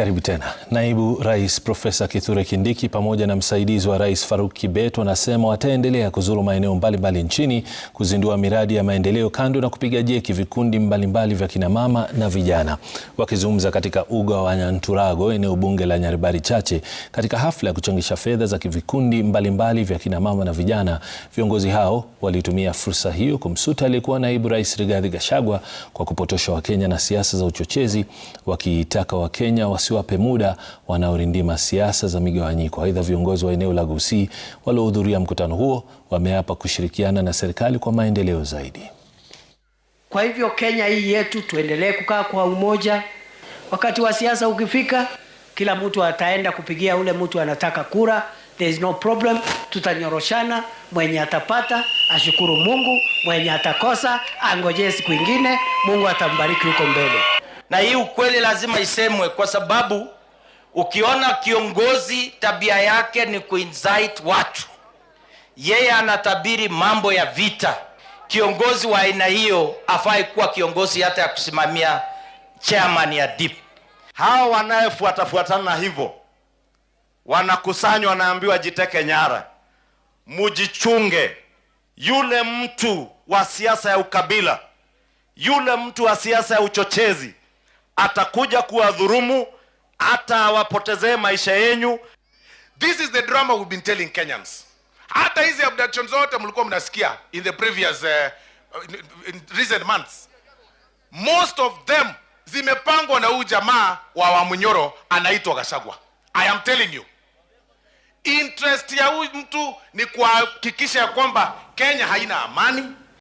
Karibu tena. Naibu Rais Profesa Kithure Kindiki pamoja na msaidizi wa Rais Faruk Kibet wanasema wataendelea kuzuru maeneo mbalimbali nchini kuzindua miradi ya maendeleo kando na kupiga jeki vikundi mbalimbali vya mama na vijana. Wakizungumza katika uga wa Nyanturago, eneo bunge la Nyaribari Chache, katika hafla ya kuchangisha fedha za vikundi mbalimbali vya mama na vijana, viongozi hao walitumia fursa hiyo kumsuta aliyekuwa Naibu Rais Rigathi Gachagua kwa kupotosha Wakenya na siasa za uchochezi, wakiitaka Wakenya wasi wasiwape muda wanaorindima siasa za migawanyiko. Aidha, viongozi wa eneo la Gusii waliohudhuria mkutano huo wameapa kushirikiana na serikali kwa maendeleo zaidi. Kwa hivyo, Kenya hii yetu tuendelee kukaa kwa umoja. Wakati wa siasa ukifika, kila mtu ataenda kupigia ule mtu anataka kura. There is no problem, tutanyoroshana. Mwenye atapata ashukuru Mungu, mwenye atakosa angojee siku ingine. Mungu atambariki huko mbele na hii ukweli lazima isemwe, kwa sababu ukiona kiongozi tabia yake ni kuinvite watu, yeye anatabiri mambo ya vita. Kiongozi wa aina hiyo afai kuwa kiongozi hata ya kusimamia chairman ya DIP. Hawa wanayefuatafuatana hivyo wanakusanywa, wanaambiwa jiteke nyara, mujichunge. Yule mtu wa siasa ya ukabila, yule mtu wa siasa ya uchochezi atakuja kuwadhurumu, hata awapotezee maisha yenyu. This is the drama we've been telling Kenyans. Hata hizi abduction zote mlikuwa mnasikia in the previous uh, in, in recent months, most of them zimepangwa na huu jamaa wa Wamunyoro anaitwa Gashagwa. I am telling you, interest ya huyu mtu ni kuhakikisha ya kwamba Kenya haina amani.